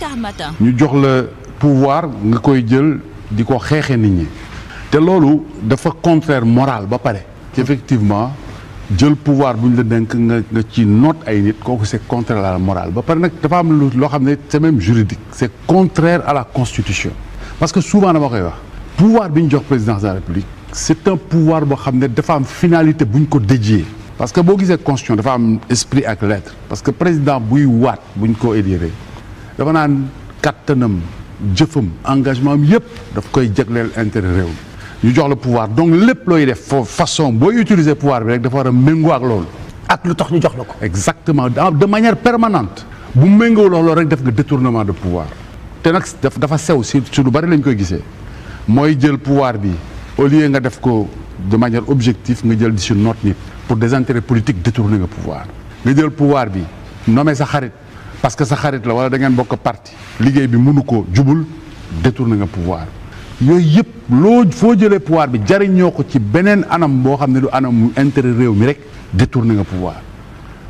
Nous Matin. le le pouvoir nga koy jël di ko nit ñi te contraire moral la morale. effectivement le pouvoir est c'est contraire à la morale c'est même juridique c'est contraire à la constitution parce que souvent le pouvoir de président de la république c'est un pouvoir qui a une finalité dédiée. dédié parce que vous êtes constitution dafa am esprit avec lettre parce que le président vous waat bu ko dama naan kattanam jëfam engagement yep yëpp daf koy jagleel intérêt réew mi ñu jox pouvoir donc lépp de def façon booy utiliser pouvoir bi rek dafa war a méngoo ak loolu. ak lu tax ñu jox exactement de manière permanente bu méngoo loolu rek def nga détournement de pouvoir te nag dafa sew si si lu bari lañ koy gisee mooy jël pouvoir bi au lieu nga def ko de manière objective nga jël di pour des intérêts politiques détourner le pouvoir nga jël pouvoir bi nommer sa xarit parce que sa xarit la wala da ngeen bokk parti liggéey bi mënu ko jubul détourner nga pouvoir yooyu yëpp loo foo jëlee pouvoir bi jariñoo ko ci beneen anam boo xam du anam intérêt au mi rek le nga pouvoir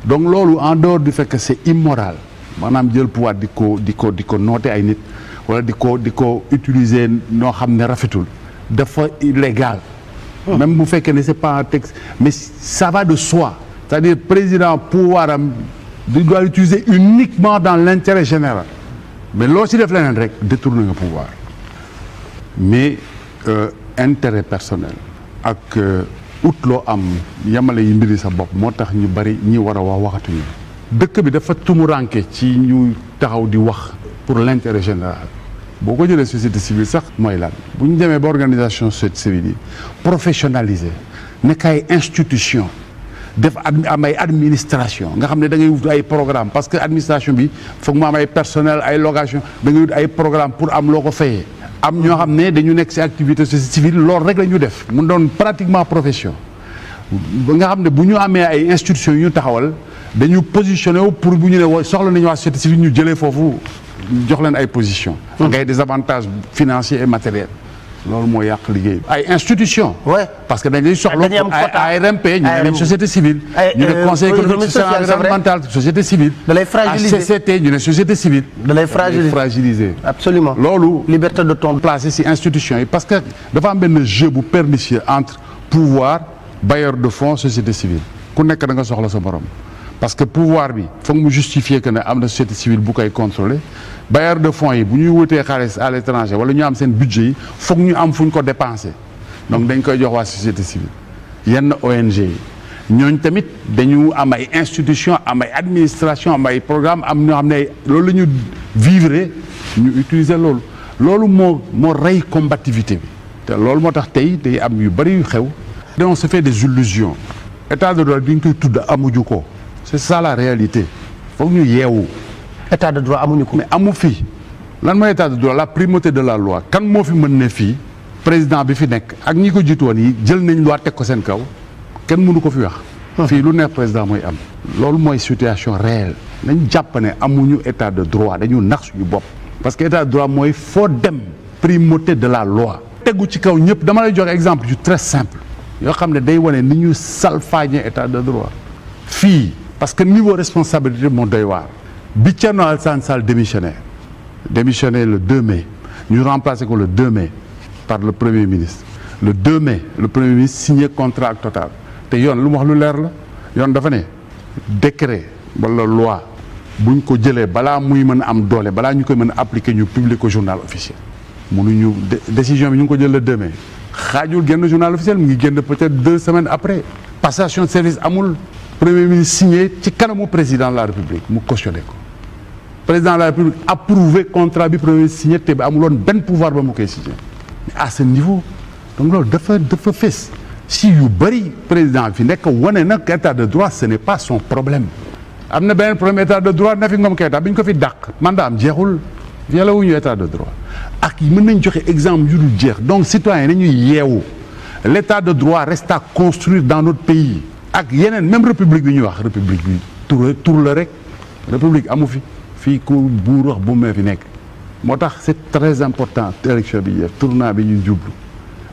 donc loolu en dehors du fait que c'est immoral maanaam jël pouvoir di ko dico ko di ko noote ay nit wala di ko utiliser non xam rafetul rafetul dafa illégal ah. même bu fekkee ne c'est pas un texte mais ça va de soi c'est-à-dire président pouvoir il doit l'utiliser uniquement dans l'intérêt général mais lorsqu'il si def leneen rek détourner le pouvoir mais euh, intérêt personnel ak que, euh, loo am yamale yi mbiri sa ni moo ni ñu bari ñi Dès que wax waxatuñu dëkk bi dafa tumuranke ci ñu taxaw di wax pour l'intérêt général Beaucoup de jëlee société civile sax moi lan bu ñu demee organisation société civile professionnalisée, professionnaliser nekk institution def am administration nga xamné da ngay wut ay programme parce que administration bi foog mu am ay personnel ay location da ngay wut ay programme pour am loko fayé am ño xamné dañu nek ci activité civile lool rek lañu def mu don pratiquement profession nga xamné buñu amé ay institutions ñu taxawal dañu positionné pour buñu né soxla nañu wa société civile ñu jëlé fofu jox leen ay position hmm. ngay des avantages financiers et matériels loolu moo yàq liggéey ay institutions ouais. parce que dañuy soxla ARMP ñu une société civile ñu euh, conseil économique social environnemental société civile une lay fragiliser HCCT c'est une société civile De les fragiliser absolument loolu liberté de ton place, ces institution parce que nous avons un jeu pernicieux entre pouvoir bailleur de fonds société civile ku nekk da nga soxla sa parce que pouvoir bi faut nous justifier que nous avons une société civile bu est contrôlée bailleurs de fonds yi bu ñuy wutee xaalis à l'étranger wala ñu am sen budget yi foog ñu am fuñ ko dépenser donc dañ koy jox wa société civile yenn ONG yi ñooñ tamit dañu am ay institution am ay administration am ay programme am ñoo xam loolu ñu vivre ñu utiliser loolu loolu mo mo ray combativité bi té loolu motax tay day am yu bari yu xew donc on se fait des illusions état de droit biñ koy tudd amuju ko c'est ça la réalité fokk ñu yeewu état de droit amuñu ko. mais amu fi lan moy état de droit la primauté de la loi kan mo fi meune ne fi, président bi fi nek ak ñi ko jiitu woon yi jël nañ loi tek ko sen kaw ken mënu ko fi wax. Ah. fi lu nek président moy am. lool moy situation réelle nañ jàpp ne amuñu état de droit dañu nax suñu bop parce que état de droit moy fo dem primauté de la loi. tegu ci kaw ñep dama lay jox exemple du très simple yo xamné day wone ni ñu salfaañe état de droit fi. parce que niveau responsabilité mon doy war bi Thierno Alassane Sall démissionné le 2 mai nous remplaçons le 2 mai par le premier ministre le 2 mai le premier ministre signé contrat Total Nous avons fait mu wax lu la décret wala loi buñ ko jëlé bala muy mëna am bala appliquer ñu au journal officiel ñu décision bi ñu le 2 mai xaajul journal officiel nous ngi peut-être deux semaines après passation de service amul premier ministre signé ci kanamu président de la république mu cautionné président de la République approuvé contrat bi premier signé té bi amuloon pouvoir ba mu signé à ce niveau donc loolu dafa dafa fees si yu bëri président fi nek woné nak état de droit ce n'est pas son problème amna na beneen problème état de droit fi Ngom kéta biñ ko fi dàq mandat am jéxul violé wuñu état de droit ak mën nañ joxé exemple yu dul jeex donc citoyen nañuy yéwu l'état de droit reste à construire dans notre pays ak yenen même république bi wax république bi tur tur la rek république amu fi bu c'est très important élection bi yeef tournant bi ñu jublu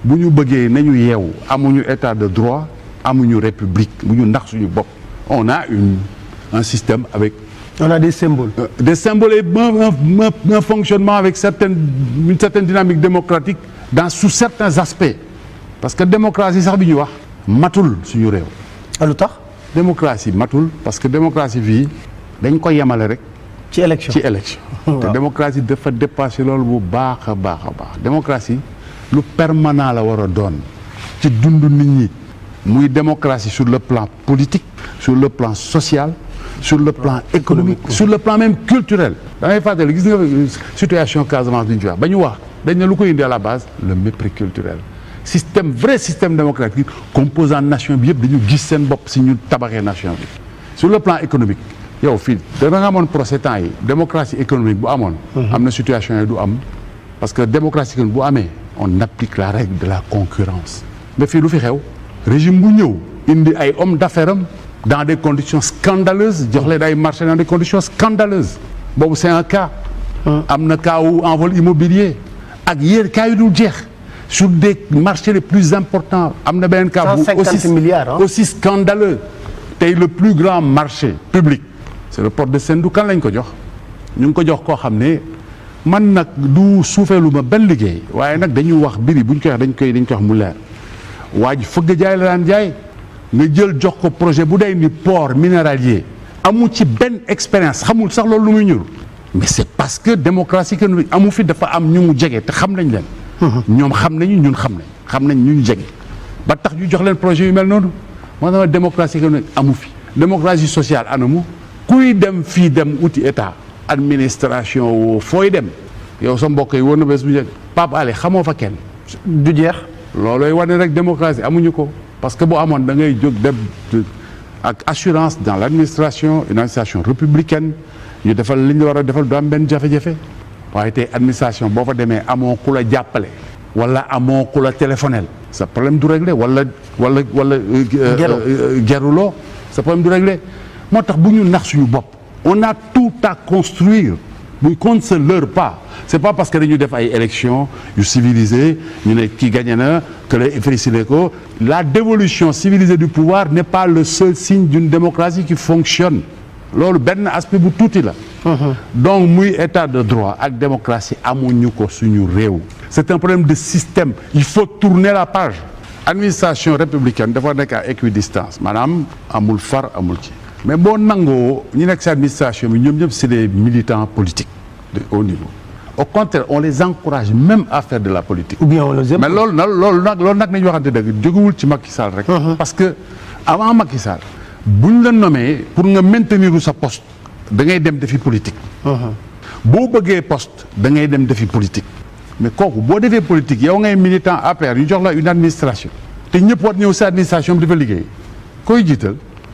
bu ñu nañu yeewu amuñu état de droit amuñu république nous ñu suñu bopp on a une un système avec on a des symboles euh, des symboles et un, un, un, un fonctionnement avec certaines une certaine dynamique démocratique dans sous certains aspects parce que démocratie sax veut ñu wax matul suñu réew ah, lu tax démocratie matul parce que démocratie fii dañ ko yemale rek ci élection ci élection. démocratie dafa dépassé loolu bu baax démocratie le permanent la donne a de ci dund démocratie sur le plan politique sur le plan social sur le plan économique sur le plan même culturel dans les gis nga situation Casamance duñ ci wax dañ à la base le mépris culturel système vrai système démocratique composant nation bi yëpp nation sur le plan économique yow fi dama nga procès temps yi démocratie économique bu une mhm. situation am parce que la démocratie on applique la règle de la concurrence mais le lu fi xew régime bu ñew indi ay hommes d'affaires dans des conditions scandaleuses jox leen ay dans des conditions scandaleuses c'est un cas hein? a un cas un vol immobilier ak un cas yu dul jeex sur des marchés les plus importants y a un cas aussi hein? aussi scandaleux c'est le plus grand marché public c'est le port de Sendou kan lañ ko jox ñu ko jox ko dañu wax biri wax dañ koy dañ wax mu leer jaay la jaay nga projet bu day ni port minéralier amu expérience xamul sax loolu mais c'est parce que démocratie que amu fi dafa am ñu mu te xam nañ leen ñom xam nañ ñun xam nañ xam nañ ñu projet yu mel démocratie que amu fi démocratie sociale kuy dem fi dem administration dem yow sa bu démocratie parce que bo amone da ngay assurance dans l'administration, une administration républicaine ñu defal li a am ben jafé jafé administration fa wala téléphonel problème du régler wala wala wala. Euh, euh, euh, problème régler on a tout à construire Pour qu'on ne se leurre pas c'est pas parce que a def une élection Civilisée civilisés, ñu ne un que les la dévolution civilisée du pouvoir n'est pas le seul signe d'une démocratie qui fonctionne C'est un aspect bu tout uh-huh. donc muy état de droit la démocratie c'est un problème de système il faut tourner la page administration républicaine dafa nekk à équidistance Madame il far mais bon, on ñi nekk administration bi c'est des militants politiques de haut niveau au contraire on les encourage même à faire de la politique. ou bien on les aime mais là, nag loolu nak loolu nag nañu waxante ci Macky Sall rek. Uh-huh. parce que avant Macky Sall buñ la nommé pour nga maintenir sa poste da ngay dem défi politique. Uh-huh. Bo bëggee poste da ngay dem défi politique. mais kooku bo défi politique yow ngay militant APR ñu jox la une administration Té ñepp wat ñëw sa administration bi fa liggéey koy jiital.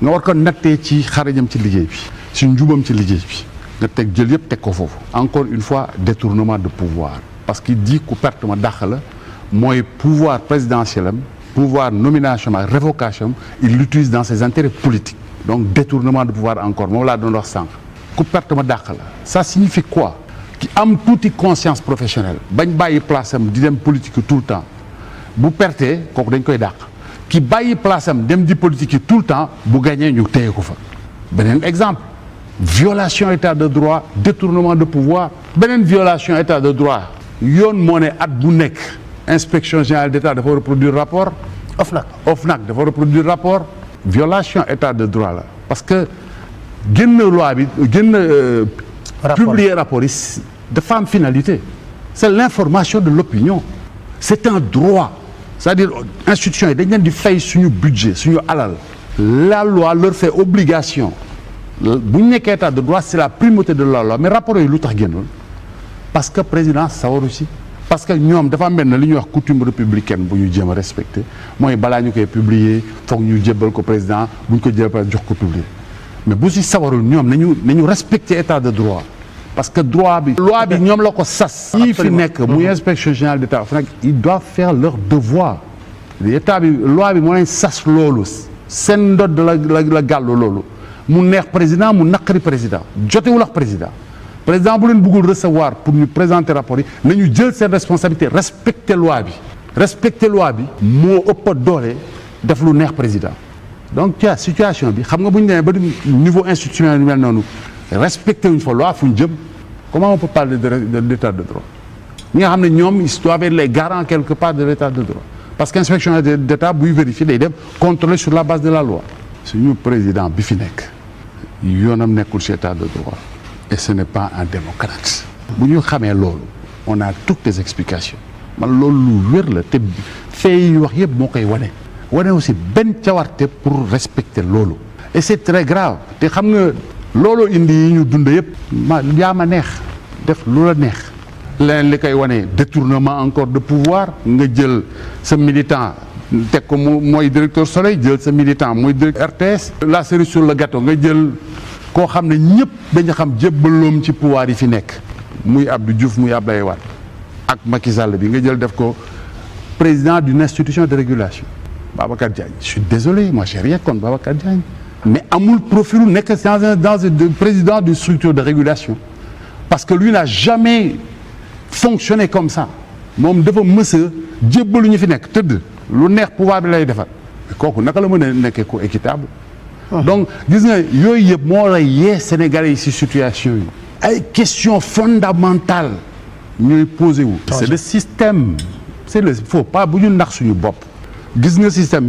nga war ko ci xarañam ci liggéey bi ci njubam ci liggéey bi nga teg jël teg ko foofu encore une fois détournement de pouvoir parce qu'il dit ku perte ma dàq la pouvoir présidentiel am pouvoir nomination ak révocation il l'utilise dans ses intérêts politiques donc détournement de pouvoir encore moom l'a doon wax sang. ku perte ma dàq ça signifie quoi qui am tuuti conscience professionnelle bañ bàyyi place am di dem politique tout le temps bu pertee kooku dañ koy dàq qui baille place à dem di politique tout le temps pour gagner ñu téye Un fa exemple violation état de droit détournement de pouvoir une violation état de droit Yon Monet une inspection générale d'état doit reproduire rapport OFNAC OFNAC dafa reproduire rapport violation état de droit parce que publier loi bi un euh, publier rapport de femme finalité c'est l'information de l'opinion c'est un droit c'est-à-dire institution yi dañ du di sur le budget suñu alal la loi leur fait obligation on état de droit c'est la primauté de la loi mais rapport à l'autre, parce que président va aussi, parce que nous, avons des coutumes républicaines pour wax coutume républicaine Moi, ñu jéem a respecté mooy publié, il faut publier nous ñu président que nous ko jébbal jox ko mais bu si sawarul nous nañu nañu respecté état de droit parce que droit bi loi bi ñom la ko sas yi fi nek muy inspection générale d'état fu nek ils doivent faire leur devoir l'état bi loi bi mo lay sas lolu sen ndodd la la la lolu mu neex président mu nakri président jotewul ak président président bu leen bëggul recevoir pour ñu présenter rapport yi nañu jël seen responsabilité respecter loi bi respecter loi bi mo ëpp doolé doole def lu neex président donc as situation bi xam nga bu ñu demee ba niveau institutionnel mel noonu Respecter une fois loi fu comment on peut parler de, l'état de droit On nga une histoire avec les garants quelque part de l'état de droit parce que inspection d'état buy vérifier day dem contrôler sur la base de la loi Monsieur le président bi fi nekk yoonam nekkul ci état de droit et ce n'est pas un démocrate on a toutes les explications man loolu lu wér la te fee yi wax a. moo koy wane wane aussi benn cawarte pour respecter loolu et c'est très grave Lolo indi ñu dund yépp ma yaama neex def lu la neex leneen li koy wane détournement encore de pouvoir nga jël sa militant teg ko mu mooy directeur soleil jël sa militant muy directeur RTS la série sur le gâteau nga jël koo xam ne ñëpp dañu xam jébbaloom ci pouvoir yi fi nekk muy Abdou Diouf muy Abdoulaye wat ak Macky bi nga jël def ko président d'une institution de régulation Babacar Diagne je suis désolé moi j'ai rien contre Babacar Diagne mais amul n'est que dans le président d'une structure de régulation parce que lui n'a jamais fonctionné comme ça Donc, dafa mës a jébbalu ñu fi nekk tëdd lu neex pouvoir bi lay defar kooku naka la a équitable ah. donc disons, il yooyu yëpp lay Sénégalais ici, situation yi question fondamentale nous posez wu c'est le système c'est le faut pas bu ñu nax suñu bopp gis nga système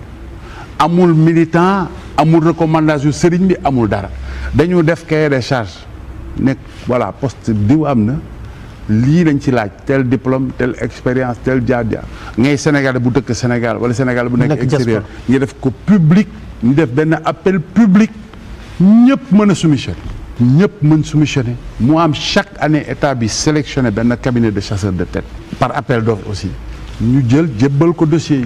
amul militant amul recommandation serigne bi amul dara dañu def cahier des charges voilà poste diw am na lañ ci laaj tel diplôme tel expérience tel jaar ngay Sénégal bu dëkk Sénégal wala Sénégal bu nek extérieur ñu def ko public ñu def ben appel public ñepp mëna a ñepp mëna mën mu am chaque année état bi sélectionner ben cabinet de chasseurs de tête par appel d'offres aussi ñu jël jébbal ko dossier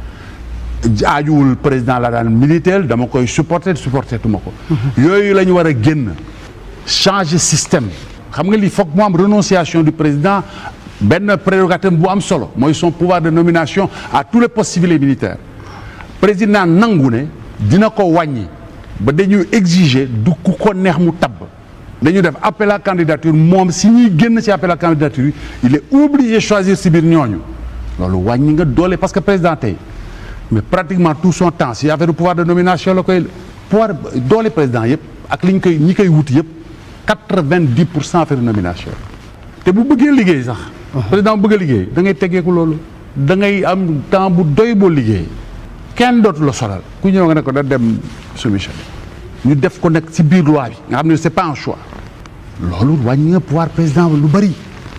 le président dans président militaire dama koy supporter supporter tout le monde. la ñu war a changer système. Il faut que foog renonciation du président Ben prérogative bu am solo son pouvoir de nomination à tous les postes civils et militaires Le président Nangoune Il a ko ba exiger du coup ko neex mu tabb. dañu def appel à candidature Moi, si ñuy génn ci appel à candidature il est obligé de choisir Sibir biir ñooñu loolu wàññi nga parce que président est mais pratiquement tout son temps avait le pouvoir de nomination le pouvoir pouvoir les président présidents, ak ni koy ñi koy nomination Et uh-huh. président le a liggéey da ngay tegeeku loolu da ngay am temps bu doy boo liggéey nous la ku nga dem ñu def ko le c'est pas un choix pouvoir président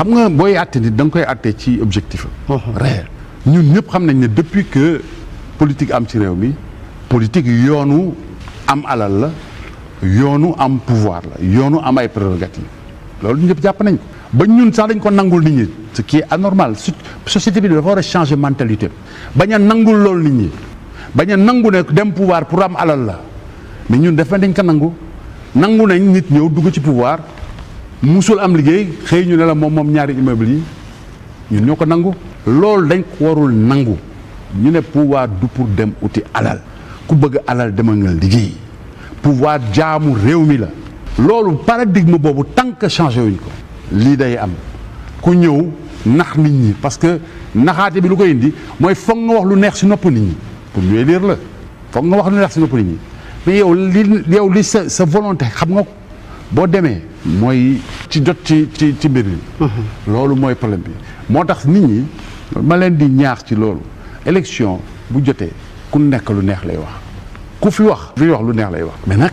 xam nga booy àtte nit da nga koy àtte ci objectif uh-huh. réel ñun ñëpp xam nañ ne depuis que politique am ci réew mi politique yoonu am alal la yoonu am pouvoir la yoonu am ay prérogatives loolu ñëpp jàpp nañ ko ba ñun sax dañ ko nangul nit ñi ce qui est anormal société bi dafa war a changer mentalité bañ a nangul loolu nit ñi bañ a nangu ne dem pouvoir pour am alal la mais ñun def dañ ko nangu nangu nañ nit ñëw dugg ci pouvoir musul am liggéey xey ñu ne la mom moom ñaari immeuble yi ñun ñoko nangu lool dañ ko warul nangu ñu ne pouvoir du pour dem uti alal ku bëgg alal demal nga liggéey pouvoir jaamu réew mi la loolu paradigme boobu tank que changé wuñ ko lii day am ku ñëw nax nit ñi parce que naxaate bi lu ko indi mooy foog nga wax lu neex si nopp nit ñi pour ñu lire la foog nga wax lu neex si nopp nit ñi mais yow li yow li sa sa volonté xam nga boo demee mooy ci jot ci ci ci mbir mi uh-huh. loolu mooy problème bi moo tax nit ñi ma leen di ñaax ci loolu élection bu jotee ku nekk lu neex lay wax ku fi wax fi wax lu neex lay wax mais nag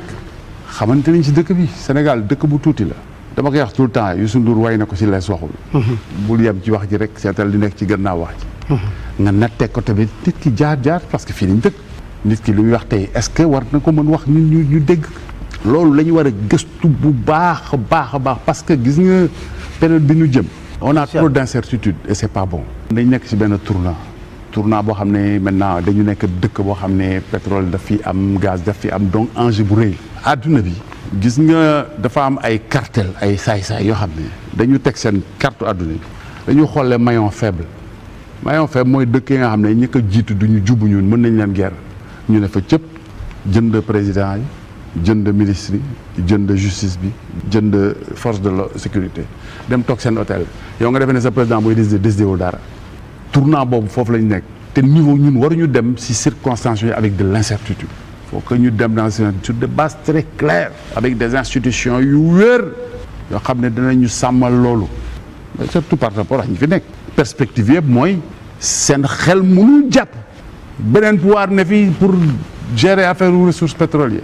xamante nañ ci dëkk bi Sénégal dëkk bu tuuti la dama koy wax tout le temps Youssou Ndour way na ko si lees waxul uh-huh. bul yem ci wax ji rek seetal li nekk ci gannaaw wax ji uh-huh. nga nattee ko tamit nit ki jaar jaar parce que fii lañ dëkk nit ki lu muy wax tey est-ce que war na ko mën wax ñu ñu dégg n'est pas wara a gëstu bu baax parce que gis nga période bi ñu jëm. on a trop d'incertitude et c'est pas bon. dañ nekk ci ben tournant tournant bo xamné maintenant dañu nekk dëkk bo xamné pétrole da fi gaz da fi am donc enjeu bu bi gis nga dafa am ay cartel ay say say yo xamné dañu tek sen carte ont dañu maillon faible maillon faible moy dëkk nga xamné ñi ko guerre ne président de ministre yi de justice bi de force de la sécurité dem toog seen hôtel yow nga a ne sa président mooy décidé décidéwul dara tournant boobu foofu la ñu nekk te niveau ñun waruñu dem si circonstances avec de l'incertitude Il faut que ñu dem dans une attitude de base très claire avec des institutions ouvertes yu wér yoo xam ne dinañu Mais C'est tout par rapport à ñi fi nekk perspective yëpp mooy seen xel mënul jàpp beneen pouvoir ne pouvoir pour gérer affaire ressources pétrolières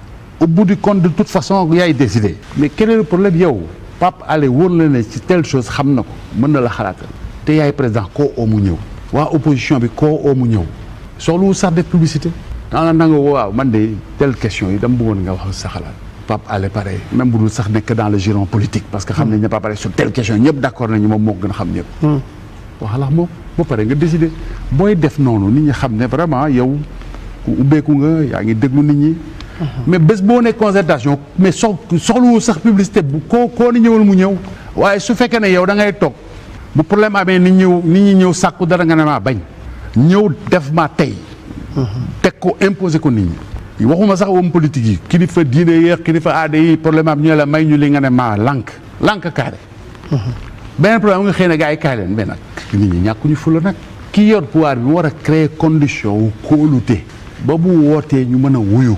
au bout du compte de toute façon il a décidé mais quel est le problème yow Pape Alé wóor la ne ci telle chose xam na ko mën na la xalaatal te yaay président koo oo mu ñëw opposition bi koo oo mu ñëw soxluwu sax def publicité dans na nga waaw man de telle question yi dama bëggoon nga wax sa xalaat Pape Alé pare même bu dul sax nekk dans le jargon politique parce que xam nañ ne Pape Alé sur telle question ñëpp d'accord nañu moom moo gën a xam ñëpp waxala hmm. moom ba pare nga décider booy def noonu nit ñi xam ne vraiment yow ku ubbeeku nga yaa ngi déglu nit ñi Uh-huh. mais bés boo ne concertation mais sox soxluwu sax publicité bu koo koo ni ñëwal mu ñëw waaye su fekkee ne yow da ngay toog bu problème amee ni ñëw nit ñi ñëw sàkku dara nga ne maa bañ ñëw def ma tey uh-huh. teg ko imposé ko nit ñi waxuma sax homme politique yi kilifa diine yi kilifa aada yi problème am ñu la may ñu li nga ne maa lànk lànk carré uh-huh. beneen problème nga xëy na gars yi kaay leen mais nag nit ñi ñàkkuñu fula nag ki yor pouvoir bi war a créer condition wu kóolute ba bu wootee ñu mën a wuyu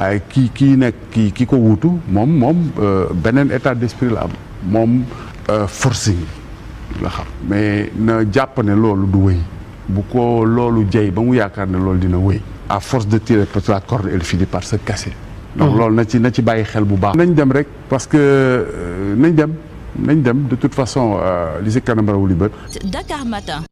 ay kii kii nekk kii ki ko wuutu moom moom euh, beneen état d'esprit la mom moom euh, forcing la xam mais na jàpp ne loolu du wéy bu ko lolu jey ba mu yaakaar ne loolu dina wéy à force de tirer parce que la corde elle finit par se casser donc mmh. lolu na ci na ci baye xel bu baax nañ dem rek parce que euh, nañ dem nañ dem de toute façon li si kanam Dakar Matin